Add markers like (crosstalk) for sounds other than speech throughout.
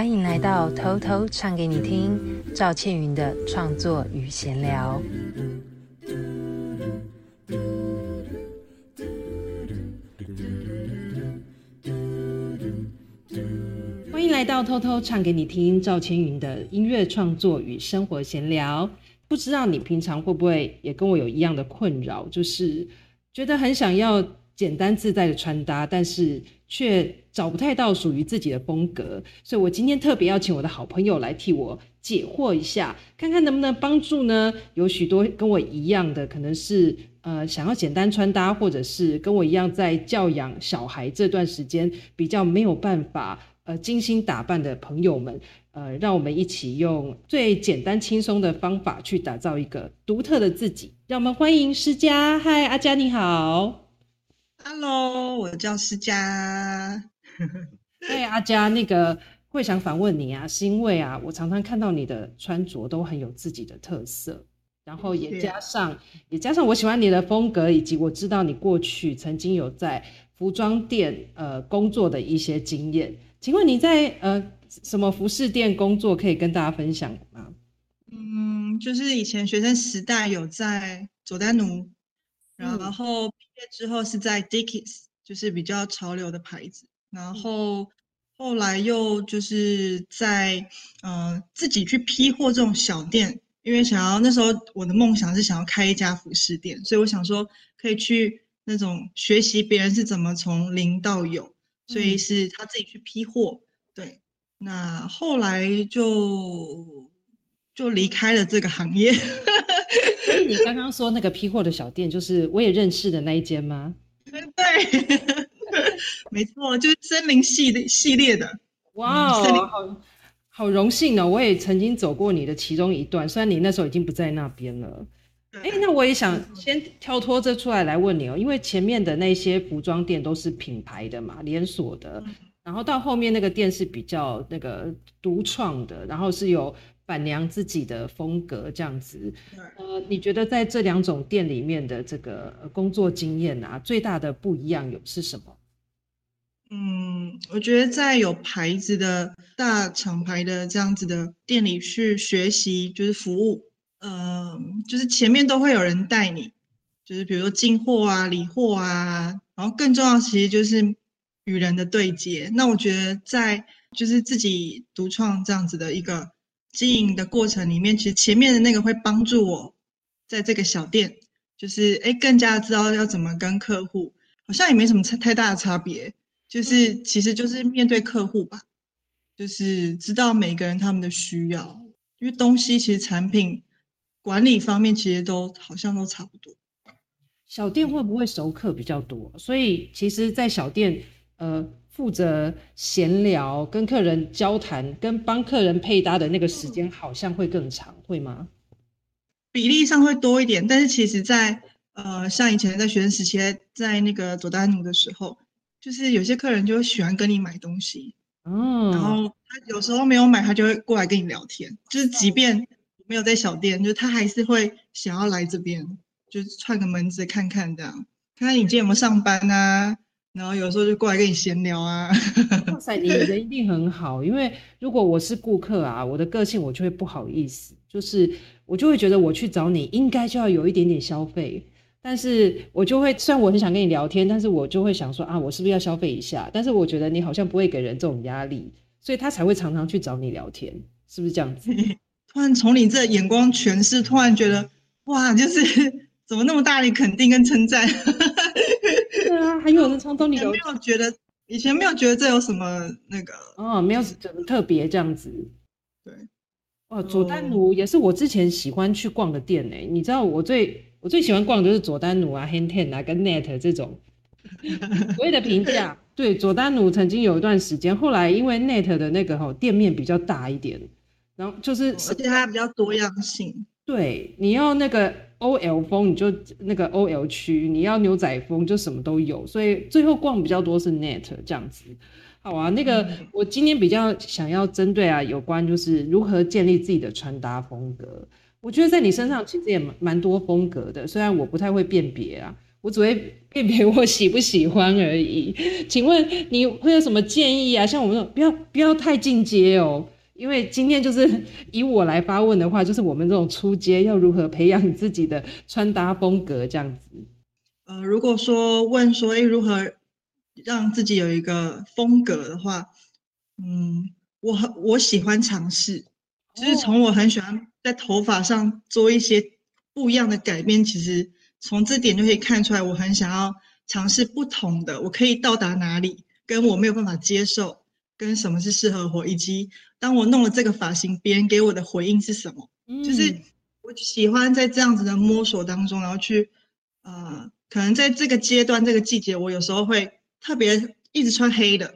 歡迎來到偷偷唱給你聽趙倩雲的創作與閒聊。歡迎來到偷偷唱給你聽趙倩雲的音樂創作與生活閒聊。不知道你平常會不會也跟我有一樣的困擾，就是覺得很想要。簡單自在的穿搭，但是卻找不太到屬於自己的風格，所以我今天特別邀請我的好朋友來替我解惑一下，看看能不能幫助呢？有許多跟我一樣的，可能是呃想要簡單穿搭，或者是跟我一樣在教養小孩這段時間比較沒有辦法呃精心打扮的朋友們，呃，讓我們一起用最簡單輕鬆的方法去打造一個獨特的自己。讓我們歡迎詩佳，嗨，阿佳你好。Hello，我叫詩佳。哎， (laughs) 阿佳，那個會想反問你啊，是因為啊，我常常看到你的穿着都很有自己的特色，然後也加上 Okay. 也加上我喜歡你的風格，以及我知道你過去曾經有在服裝店呃工作的一些經驗。請問你在呃什麼服飾店工作，可以跟大家分享嗎？嗯，就是以前學生時代有在佐丹奴。然後畢業、嗯、之後是在 Dickies，就是比較潮流的牌子。然後後來又就是在嗯、呃、自己去批貨這種小店，因為想要那時候我的夢想是想要開一家服飾店，所以我想說可以去那種學習別人是怎麼從零到有。所以是他自己去批貨，對。那後來就就離開了這個行業。 (laughs) 你剛剛說那個批貨的小店，就是我也認識的那一間嗎？對對，沒錯，就是森林系的系列的。哇 Wow, 林，好好榮幸哦。我也曾經走過你的其中一段，雖然你那時候已經不在那邊了。哎對，那我也想先跳脫這出來來問你哦，因為前面的那些服裝店都是品牌的嘛，連鎖的，嗯、然後到後面那個店是比較那個獨創的，然後是有。板娘自己的風格這樣子，呃，你覺得在這兩種店裡面的這個工作經驗啊，最大的不一樣有是什麼？嗯，我覺得在有牌子的大廠牌的這樣子的店裡去學習，就是服務，嗯，就是前面都會有人帶你，就是比如說進貨啊、理貨啊，然後更重要其實就是與人的對接。那我覺得在就是自己獨創這樣子的一個。經營的過程裡面，其實前面的那個會幫助我，在這個小店，就是哎，更加知道要怎麼跟客戶。好像也沒什麼太大的差別，就是其實就是面對客戶吧，就是知道每個人他們的需要，因為東西其實產品管理方面其實都好像都差不多。小店會不會熟客比較多？所以其實，在小店，呃。負責閒聊、跟客人交談、跟幫客人配搭的那個時間好像會更長，嗯、會嗎？比例上會多一點，但是其實在，在呃，像以前在學生時期，在那個佐丹奴的時候，就是有些客人就會喜歡跟你買東西，嗯、哦，然後他有時候沒有買，他就會過來跟你聊天，就是即便沒有在小店，就他還是會想要來這邊，就串個門子看看這樣，看看你今天有沒有上班啊。嗯然後有時候就過來跟你閒聊啊！ (laughs) 哇塞，你人一定很好，因為如果我是顧客啊，我的個性，我就會不好意思，就是我就會覺得我去找你應該就要有一點點消費，但是我就會，雖然我很想跟你聊天，但是我就會想說啊，我是不是要消費一下？但是我覺得你好像不會給人這種壓力，所以他才會常常去找你聊天，是不是這樣子？突然從你這眼光詮釋，突然覺得哇，就是怎麼那麼大力肯定跟稱讚？ (laughs) 對啊，還有人從都你有沒有覺得以前沒有覺得這有什麼那個？哦，沒有什麼特別這樣子。對，哦，佐丹奴也是我之前喜歡去逛的店呢、欸。你知道我最我最喜歡逛的就是佐丹奴啊、Hang Ten 啊跟 Net 這種所謂的平價。 (laughs) (laughs) 對，佐丹奴曾經有一段時間，後來因為 Net 的那個吼、喔、店面比較大一點，然後就是而且它還比較多樣性。對，你要那個。O L 風你就那個 O L 區，你要牛仔風就什麼都有，所以最後逛比較多是 Net 這樣子。好啊，那個我今天比較想要針對啊，有關就是如何建立自己的穿搭風格。我覺得在你身上其實也蠻蠻多風格的，雖然我不太會辨別啊，我只會辨別我喜不喜歡而已。請問你會有什麼建議啊？像我們說不要不要太進階哦。因為今天就是以我來發問的話，就是我們這種出街要如何培養你自己的穿搭風格這樣子。呃，如果說問說，哎，如何讓自己有一個風格的話，嗯，我很我喜歡嘗試，哦、就是從我很喜歡在頭髮上做一些不一樣的改變，其實從這點就可以看出來，我很想要嘗試不同的，我可以到達哪裡，跟我沒有辦法接受。跟什麼是適合我，以及當我弄了這個髮型，別人給我的回應是什麼？嗯、就是我喜歡在這樣子的摸索當中，然後去，呃，可能在這個階段、這個季節，我有時候會特別一直穿黑的，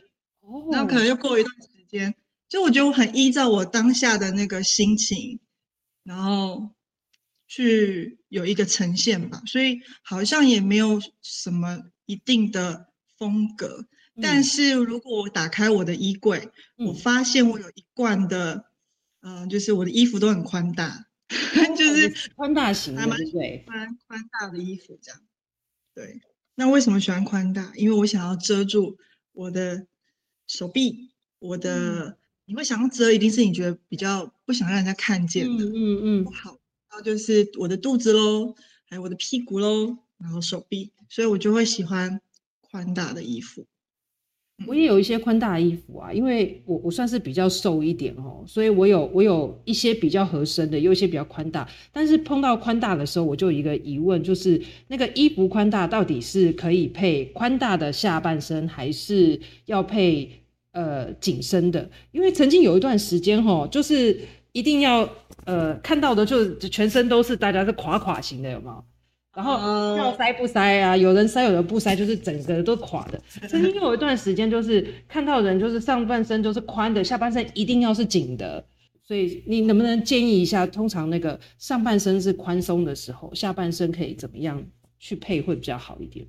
哦、然後可能又過一段時間，就我覺得我很依照我當下的那個心情，然後去有一個呈現吧。所以好像也沒有什麼一定的風格。但是如果我打開我的衣櫃，嗯、我發現我有一貫的，嗯、呃，就是我的衣服都很寬大，嗯、 (laughs) 就是寬大型的對，寬寬大的衣服這樣，對。那為什麼喜歡寬大？因為我想要遮住我的手臂，我的、嗯、你會想要遮，一定是你覺得比較不想讓人家看見的，嗯嗯。嗯嗯不好，然後就是我的肚子嘍，還有我的屁股嘍，然後手臂，所以我就會喜歡寬大的衣服。嗯我也有一些寬大的衣服啊，因為我我算是比較瘦一點哦，所以我有我有一些比較合身的，有一些比較寬大。但是碰到寬大的時候，我就有一個疑問，就是那個衣服寬大到底是可以配寬大的下半身，還是要配呃緊身的？因為曾經有一段時間哦，就是一定要呃看到的，就是全身都是大家是垮垮型的有嗎？然後呃，要塞不塞啊？有人塞，有人不塞，就是整個都垮的。曾經有一段時間，就是看到人，就是上半身都是寬的，下半身一定要是緊的。所以你能不能建議一下？通常那個上半身是寬鬆的時候，下半身可以怎麼樣去配會比較好一點？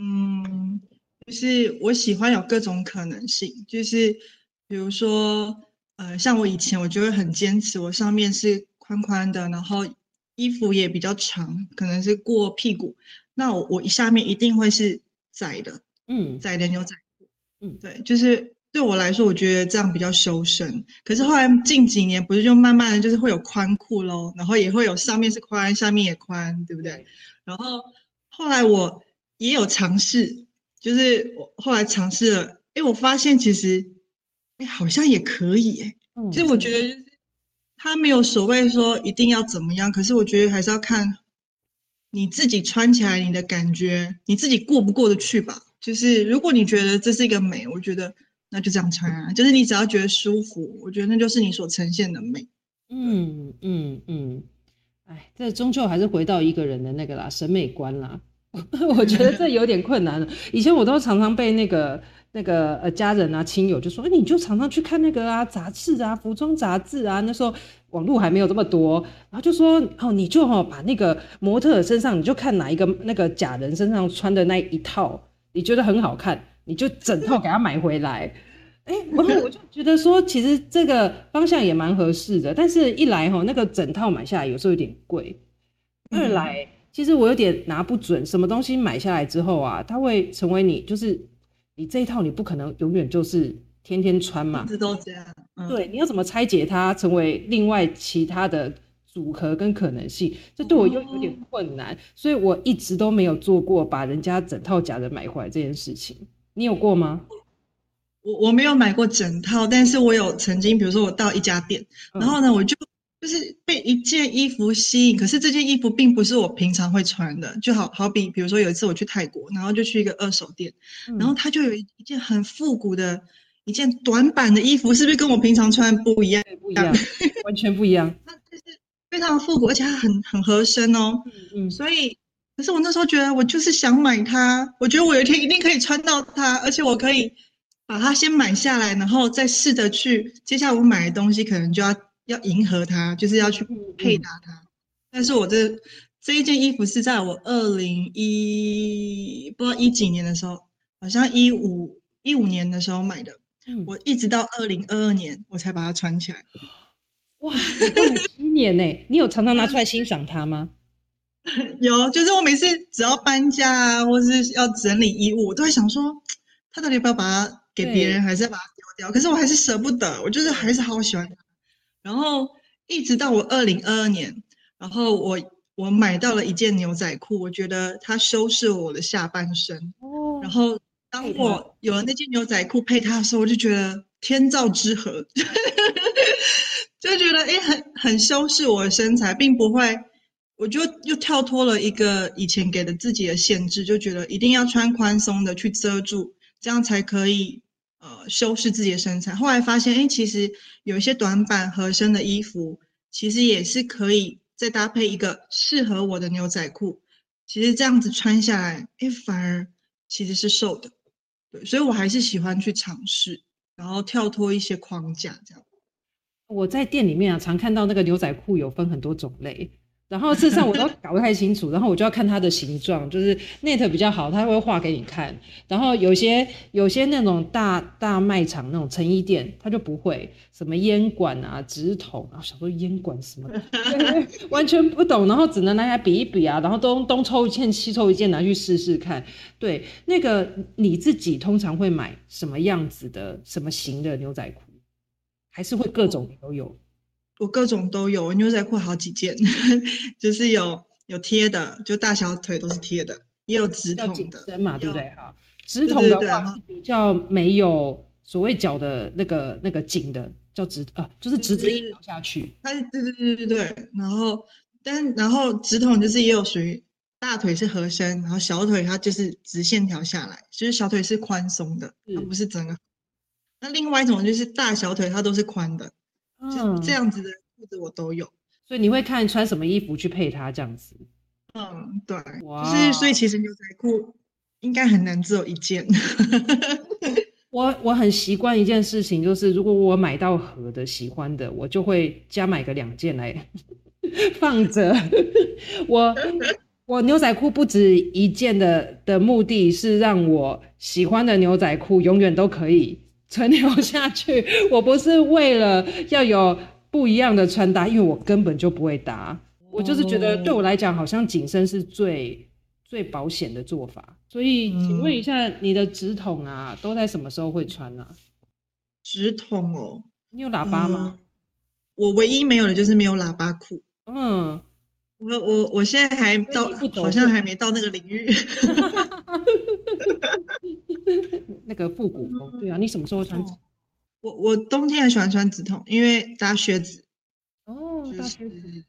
嗯，就是我喜歡有各種可能性。就是比如說，呃，像我以前，我就會很堅持，我上面是寬寬的，然後。衣服也比較長，可能是過屁股，那我我下面一定會是窄的，嗯，窄的牛仔褲，嗯，對，就是對我來說，我覺得這樣比較修身。可是後來近幾年不是就慢慢的就是會有寬褲嘍，然後也會有上面是寬，下面也寬，對不對？然後後來我也有嘗試，就是我後來嘗試了，哎，我發現其實，哎，好像也可以哎，嗯，其實我覺得。他沒有所謂說一定要怎麼樣，可是我覺得還是要看你自己穿起來你的感覺，你自己過不過得去吧？就是如果你覺得這是一個美，我覺得那就這樣穿啊。就是你只要覺得舒服，我覺得那就是你所呈現的美。嗯嗯嗯，哎、嗯嗯，這終究還是回到一個人的那個啦，審美觀啦。我 (laughs) 我覺得這有點困難了。 (laughs) 以前我都常常被那個。那個呃，家人啊、親友就說：“你就常常去看那個啊，雜誌啊，服裝雜誌啊。那時候網路還沒有這麼多，然後就說：哦、喔，你就哈把那個模特身上，你就看哪一個那個假人身上穿的那一套，你覺得很好看，你就整套給他買回來。哎、 (laughs) 欸，然後我就覺得說，其實這個方向也蠻合適的。但是，一來吼、喔、那個整套買下來有時候有點貴；二來，嗯、哼其實我有點拿不準什麼東西買下來之後啊，它會成為你就是。”你這一套你不可能永遠就是天天穿嘛，一直都這樣。對，你要怎麼拆解它，成為另外其他的組合跟可能性？這對我又有點困難，所以我一直都沒有做過把人家整套假的買回來這件事情。你有過嗎？我我沒有買過整套，但是我有曾經，比如說我到一家店，然後呢，我就。就是被一件衣服吸引，可是這件衣服並不是我平常會穿的，就好好比比如說有一次我去泰國，然後就去一個二手店，嗯、然後他就有一件很復古的一件短版的衣服，是不是跟我平常穿的不一樣？不一樣， (laughs) 完全不一樣。那就是非常的復古，而且它很很合身哦。嗯。嗯所以，可是我那時候覺得，我就是想買它，我覺得我有一天一定可以穿到它，而且我可以把它先買下來，然後再試着去，接下來我買的東西可能就要。要迎合它，就是要去配搭它。嗯、但是我這這一件衣服是在我二零一不知道一幾年的時候，好像一五一五年的時候買的。嗯、我一直到二零二二年我才把它穿起來。哇，一年哎、欸！ (laughs) 你有常常拿出來欣賞它嗎？ (laughs) 有，就是我每次只要搬家啊，或是要整理衣物，我都會想說，它到底要不要把它給別人，對還是要把它丟掉？可是我還是捨不得，我就是還是好喜歡。然後一直到我二零二二年，然後我我買到了一件牛仔褲，我覺得它修飾了我的下半身。哦。然後當我有了那件牛仔褲配它的時候，我就覺得天造之合， (laughs) 就覺得誒、欸、很很修飾我的身材，並不會，我就又跳脫了一個以前給的自己的限制，就覺得一定要穿寬鬆的去遮住，這樣才可以。呃，修飾自己的身材，後來發現，哎，其實有一些短板合身的衣服，其實也是可以再搭配一個適合我的牛仔褲，其實這樣子穿下來，哎，反而其實是瘦的，對，所以我還是喜歡去嘗試，然後跳脫一些框架，這樣。我在店裡面啊，常看到那個牛仔褲有分很多種類。 (laughs) 然後事實上我都搞不太清楚，然後我就要看它的形狀，就是 Net 比較好，它會畫給你看。然後有些有些那種大大賣場那種成衣店，它就不會，什麼煙管啊、直筒啊，小時候煙管什麼的，完全不懂，然後只能拿下比一比啊，然後東東抽一件，西抽一件，拿去試試看。對，那個你自己通常會買什麼樣子的、什麼型的牛仔褲？還是會各種都有？我各種都有，我牛仔褲好幾件， (laughs) 就是有有貼的，就大小腿都是貼的，哦、也有直筒的。緊身嘛，要對不吧對？哈，直筒的話是比較沒有所謂腳的那個那個緊的，叫直、嗯、啊，就是直直一條下去。它是對對對對對。然後但然後直筒就是也有屬於大腿是合身，然後小腿它就是直線條下來，就是小腿是寬鬆的，它不是整個。是那另外一種就是大小腿它都是寬的。就這樣子的褲子、嗯、我都有，所以你會看穿什麼衣服去配它這樣子。嗯，對，Wow 就是所以其實牛仔褲應該很難只有一件。 (laughs) 我我很習慣一件事情，就是如果我買到合的、喜歡的，我就會加買個兩件來放着。 (laughs) 我我牛仔褲不止一件的的目的是讓我喜歡的牛仔褲永遠都可以存留下去，我不是為了要有不一樣的穿搭，因為我根本就不會搭。Oh. 我就是覺得，對我來講，好像緊身是最最保險的做法。所以，請問一下，嗯、你的直筒啊，都在什麼時候會穿啊？直筒哦，你有喇叭嗎、嗯？我唯一沒有的就是沒有喇叭褲。嗯，我我我現在還到，不懂好像還沒到那個領域。 (laughs) (laughs) 這個復古風，對啊，你什麼時候穿？哦、我我冬天還喜歡穿直筒，因為搭靴子。哦，搭靴子，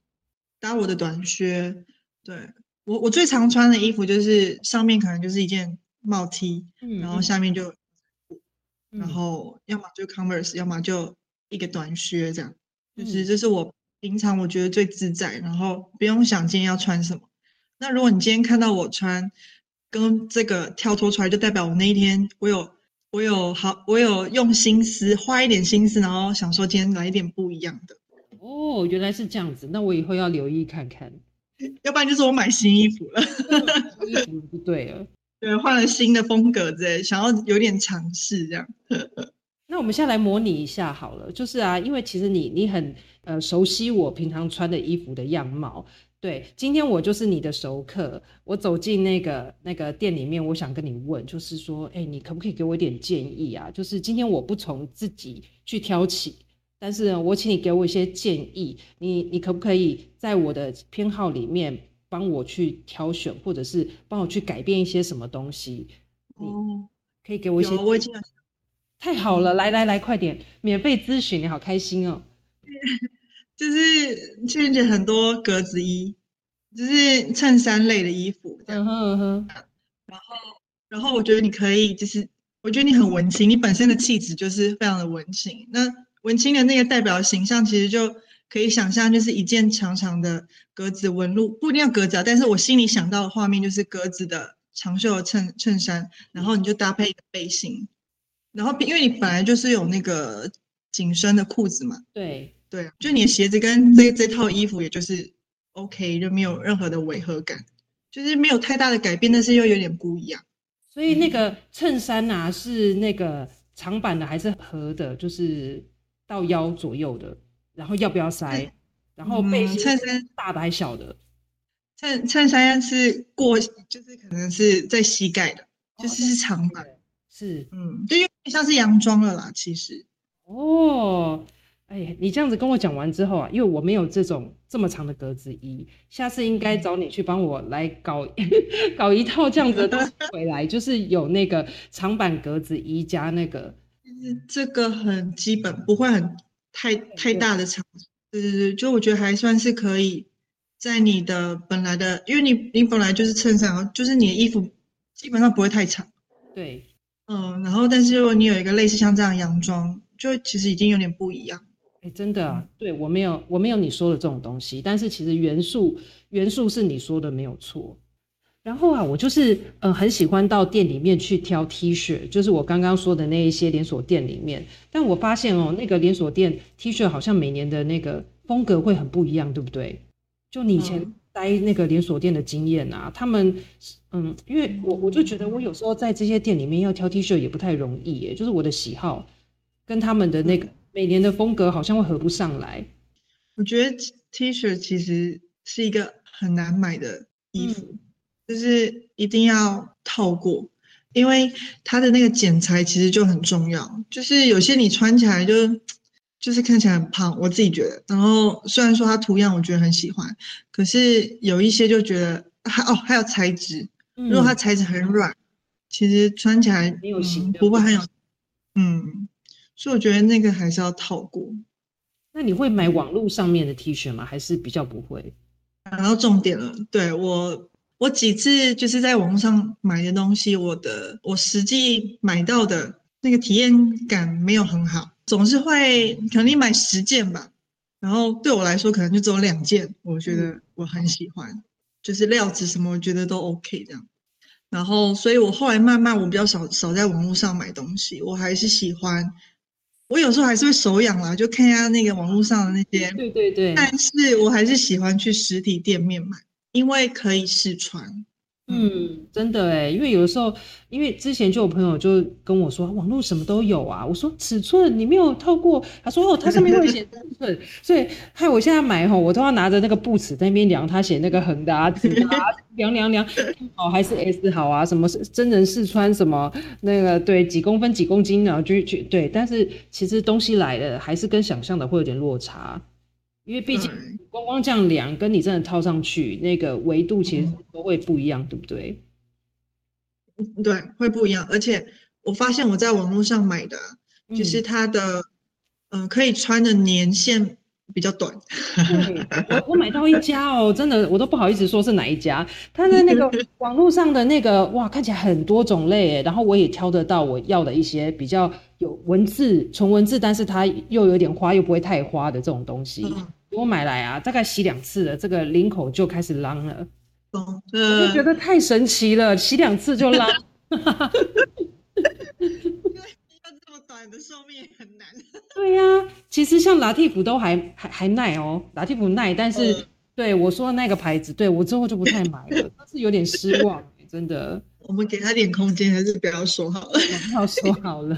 搭我的短靴。哦、對我我最常穿的衣服就是上面可能就是一件帽 T，、嗯、然後下面就，嗯、然後要麼就 Converse，、嗯、要麼就一個短靴這樣。就是這是我平常我覺得最自在，然後不用想今天要穿什麼。那如果你今天看到我穿跟這個跳脫出來，就代表我那一天我有。我有好，我有用心思，花一點心思，然後想說今天來一點不一樣的。哦，原來是這樣子，那我以後要留意看看，要不然就是我買新衣服了，衣服不對了，對，換了新的風格之類，想要有點嘗試這樣。 (laughs) 那我們先來模擬一下好了，就是啊，因為其實你你很呃熟悉我平常穿的衣服的樣貌。對，今天我就是你的熟客。我走進那個那個店裡面，我想跟你問，就是說，哎，你可不可以給我一點建議啊？就是今天我不從自己去挑起，但是我請你給我一些建議。你你可不可以在我的偏好裡面幫我去挑選，或者是幫我去改變一些什麼東西？哦，可以給我一些，哦，我已經太好了，嗯，來來來，快點，免費諮詢，你好開心哦。 (laughs) 就是穿着很多格子衣，就是襯衫類的衣服， (laughs) 這樣然後，然後我覺得你可以，就是我覺得你很文青，你本身的氣質就是非常的文青。那文青的那個代表形象，其實就可以想象，就是一件長長的格子紋路，不一定要格子，啊，但是我心裡想到的畫面就是格子的長袖的襯襯衫，然後你就搭配一個背心。然後因為你本來就是有那個緊身的褲子嘛，對。對、啊，就你的鞋子跟這這套衣服，也就是 OK，就沒有任何的違和感，就是沒有太大的改變，但是又有點不一樣。所以那個襯衫吶、啊，是那個長版的還是合的？就是到腰左右的，然後要不要塞？哎、然後背、嗯、襯衫大還是小的？襯襯衫是過，就是可能是在膝蓋的，哦、就是長版的。是，嗯，就有點像是洋裝了啦，其實。哦。哎呀，你這樣子跟我講完之後啊，因為我沒有這種這麼長的格子衣，下次應該找你去幫我來搞、嗯、 (laughs) 搞一套這樣子的東西回來， (laughs) 就是有那個長版格子衣加那個。這個很基本，不會很太太大的長子。對對對，就我覺得還算是可以，在你的本來的，因為你你本來就是襯衫，就是你的衣服基本上不會太長。對，嗯，然後但是如果你有一個類似像這樣洋裝，就其實已經有點不一樣。哎，真的啊，對，我沒有，我沒有你說的這種東西。但是其實元素，元素是你說的沒有錯。然後啊，我就是嗯，很喜歡到店裡面去挑 T 恤，就是我剛剛說的那一些連鎖店裡面。但我發現哦，那個連鎖店 T 恤好像每年的那個風格會很不一樣，對不對？就你以前待那個連鎖店的經驗啊，他們嗯，因為我我就覺得我有時候在這些店裡面要挑 T 恤也不太容易耶，就是我的喜好跟他們的那個。每年的風格好像會合不上來。我覺得 T-shirt 其實是一個很難買的衣服，嗯、就是一定要套過，因為它的那個剪裁其實就很重要。就是有些你穿起來就就是看起來很胖，我自己覺得。然後雖然說它圖樣我覺得很喜歡，可是有一些就覺得還、啊、哦，還有材質。嗯、如果它材質很軟，其實穿起來有型、嗯，不會很有嗯。所以我覺得那個還是要套過。那你會買網絡上面的 T 恤嗎？還是比較不會？然後重點了，對，我我幾次就是在網絡上買的東西，我的我實際買到的那個體驗感沒有很好，總是會可能你買十件吧，然後對我來說可能就只有兩件，我覺得我很喜歡，嗯、就是料子什麼我覺得都 OK 這樣。然後，所以我後來慢慢我比較少少在網絡上買東西，我還是喜歡。我有時候還是會手癢啦，就看一下那個網絡上的那些，對對對。但是我還是喜歡去實體店面買，因為可以試穿。嗯，真的誒，因為有的時候，因為之前就有朋友就跟我說，網絡什麼都有啊。我說尺寸你沒有透過，他說哦，他上面會寫尺寸，所以害我現在買哈，我都要拿着那個布尺在那邊量，他寫那個橫的啊、直的啊，量量量好、哦、還是 S 好啊？什麼是真人試穿什麼那個？對，幾公分、幾公斤啊，然後就就對，但是其實東西來了還是跟想象的會有點落差。因為畢竟光光這樣量，對跟你真的套上去，那個圍度，其實都會不一樣，嗯、對不對？對，會不一樣。而且我發現我在網絡上買的，嗯、就是它的，嗯、呃，可以穿的年限比較短。我我買到一家哦， (laughs) 真的我都不好意思說是哪一家。它的那個網絡上的那個 (laughs) 哇，看起來很多種類誒，然後我也挑得到我要的一些比較。有文字純文字，但是它又有點花，又不會太花的這種東西，哦、我買來啊，大概洗兩次了，這個領口就開始爛了，哦、對我就覺得太神奇了，洗兩次就爛， (laughs) (laughs) 因為要這麼短的壽命很難。 (laughs) 對呀、啊，其實像拉蒂普都還還，還耐哦，拉蒂普耐，但是、哦、對我說的那個牌子，對我之後就不太買了， (laughs) 是有點失望、欸，真的。我們給他點空間，還是不要說好了。不要說好了。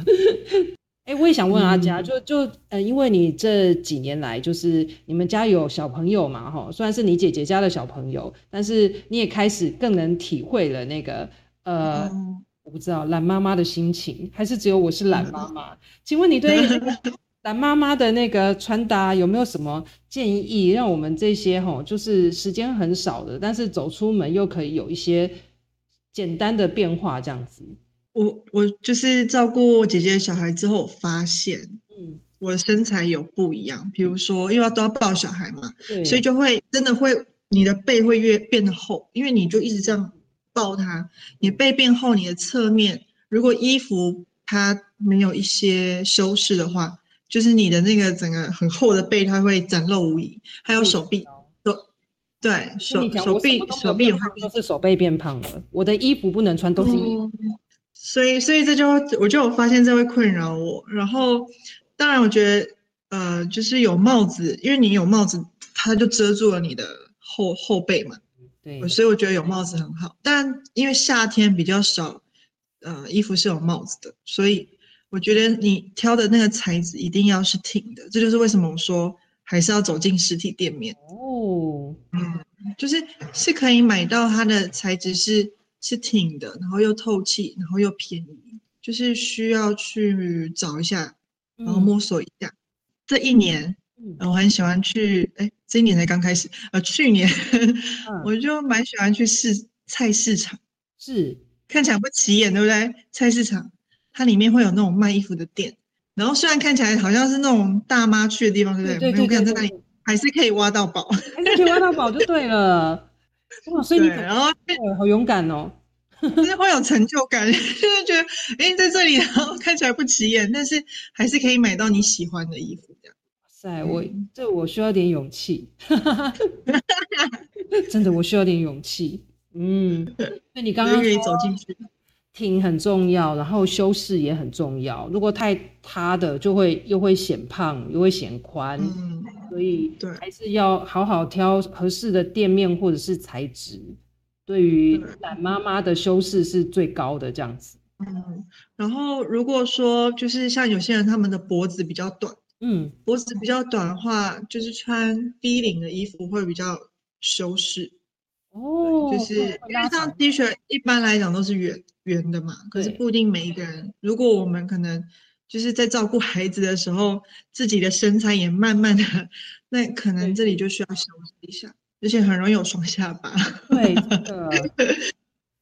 哎、 (laughs) 欸，我也想問阿佳、嗯，就就呃，因為你這幾年來，就是你們家有小朋友嘛，哈，雖然是你姐姐家的小朋友，但是你也開始更能體會了那個呃，嗯、我不知道懶媽媽的心情，還是只有我是懶媽媽？嗯、請問你對懶媽媽的那個穿搭有沒有什麼建議，讓我們這些哈，就是時間很少的，但是走出門又可以有一些。簡單的變化這樣子，我我就是照顧姐姐的小孩之後我發現，我我的身材有不一樣。比、嗯、如說，因為都要抱小孩嘛，嗯、所以就會真的會你的背會越變得厚，因為你就一直這樣抱他，嗯、你背變厚，你的側面如果衣服它沒有一些修飾的話，就是你的那個整個很厚的背它會展露無遺，還有手臂。嗯對手手臂有手臂的話，都是手背變胖了。我的衣服不能穿，哦、都是所以所以這就我就有發現這會困擾我。然後當然我覺得呃，就是有帽子，因為你有帽子，它就遮住了你的後後背嘛。對的，所以我覺得有帽子很好。的但因為夏天比較少，呃，衣服是有帽子的，所以我覺得你挑的那個材質一定要是挺的。這就是為什麼我說還是要走進實體店面。哦哦，嗯，Oh, okay. 就是是可以買到它的材質是是挺的，然後又透氣，然後又便宜，就是需要去找一下，然後摸索一下。嗯、這一年、嗯呃，我很喜歡去，哎、欸，這一年才剛開始，呃，去年、嗯、呵呵我就蠻喜歡去市菜市場，是看起來不起眼，對不對？菜市場它裡面會有那種賣衣服的店，然後雖然看起來好像是那種大媽去的地方，對不對？在那裡。還是可以挖到寶，還是可以挖到寶就對了。 (laughs) 哇，所以你走，然後好勇敢哦、喔， (laughs) 就是會有成就感， (laughs) 就是覺得哎、欸，在這裡然後看起來不起眼，但是還是可以買到你喜歡的衣服，這樣。哇、啊、塞，我這對我需要點勇氣， (laughs) (laughs) (laughs) 真的我需要點勇氣。嗯，那 (laughs) 你剛剛願意走進去？挺很重要，然後修飾也很重要。如果太塌的，就會又會顯胖，又會顯寬。嗯，所以還是要好好挑合適的店面或者是材質。對，對於懶媽媽的修飾是最高的這樣子。嗯，然後如果說就是像有些人他們的脖子比較短，嗯，脖子比較短的話，就是穿低領的衣服會比較修飾。哦，就是因為像 T 恤一般來講都是圓圓的嘛，對可是不一定每一個人。如果我們可能就是在照顧孩子的時候，自己的身材也慢慢的，那可能這裡就需要修飾一下，對而且很容易有雙下巴。對的，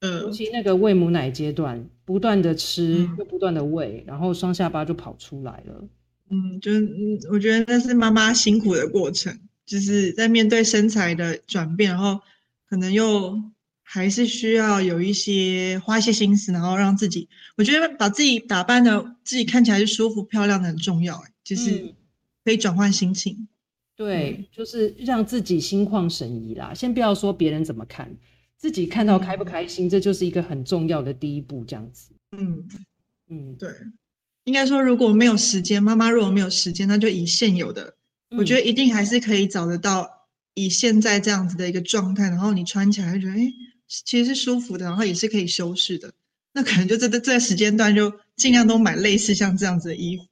呃、 (laughs) 這個，尤其那個餵母奶階段，不斷的吃又、嗯、不斷的餵，然後雙下巴就跑出來了。嗯，就是我覺得那是媽媽辛苦的過程，就是在面對身材的轉變，然後。可能又還是需要有一些花一些心思，然後讓自己，我覺得把自己打扮的自己看起來就舒服、漂亮的很重要，欸，就是可以轉換心情，對，嗯，嗯，就是讓自己心曠神怡啦。先不要說別人怎麼看，自己看到開不開心，嗯，這就是一個很重要的第一步，這樣子。嗯嗯，嗯對，應該說如果沒有時間，媽媽如果沒有時間，那就以現有的，嗯，我覺得一定還是可以找得到，以現在這樣子的一個狀態，然後你穿起來覺得，哎、欸，其實是舒服的，然後也是可以修飾的。那可能就在這時間段就盡量都買類似像這樣子的衣服。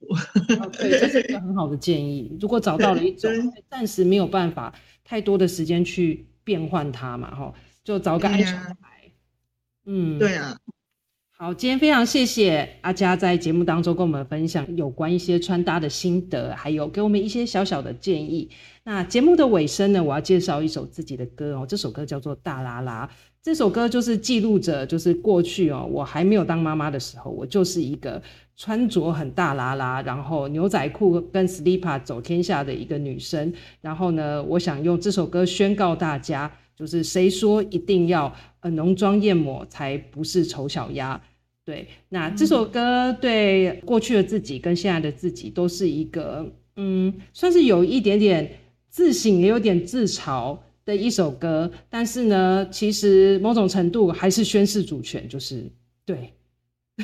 哦、對，這是一個很好的建議。對如果找到了一種暫時沒有辦法太多的時間去變換它嘛，哈、哦，就找個安全牌。嗯，對啊。嗯對啊好，今天非常謝謝阿佳在節目當中跟我們分享有關一些穿搭的心得，還有給我們一些小小的建議。那節目的尾聲呢，我要介紹一首自己的歌哦，這首歌叫做《大剌剌》。這首歌就是記錄着，就是過去哦，我還沒有當媽媽的時候，我就是一個穿着很大剌剌，然後牛仔褲跟 slipper 走天下的一個女生。然後呢，我想用這首歌宣告大家，就是誰說一定要濃妝豔抹才不是醜小鴨？對，那這首歌、嗯、對過去的自己跟現在的自己都是一個，嗯，算是有一點點自省，也有點自嘲的一首歌。但是呢，其實某種程度還是宣示主權，就是對， (laughs)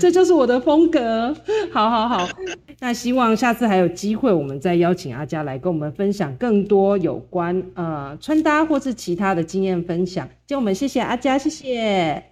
這就是我的風格。好好好，那希望下次還有機會，我們再邀請阿佳來跟我們分享更多有關呃、穿搭或是其他的經驗分享。今天我們謝謝阿佳，謝謝。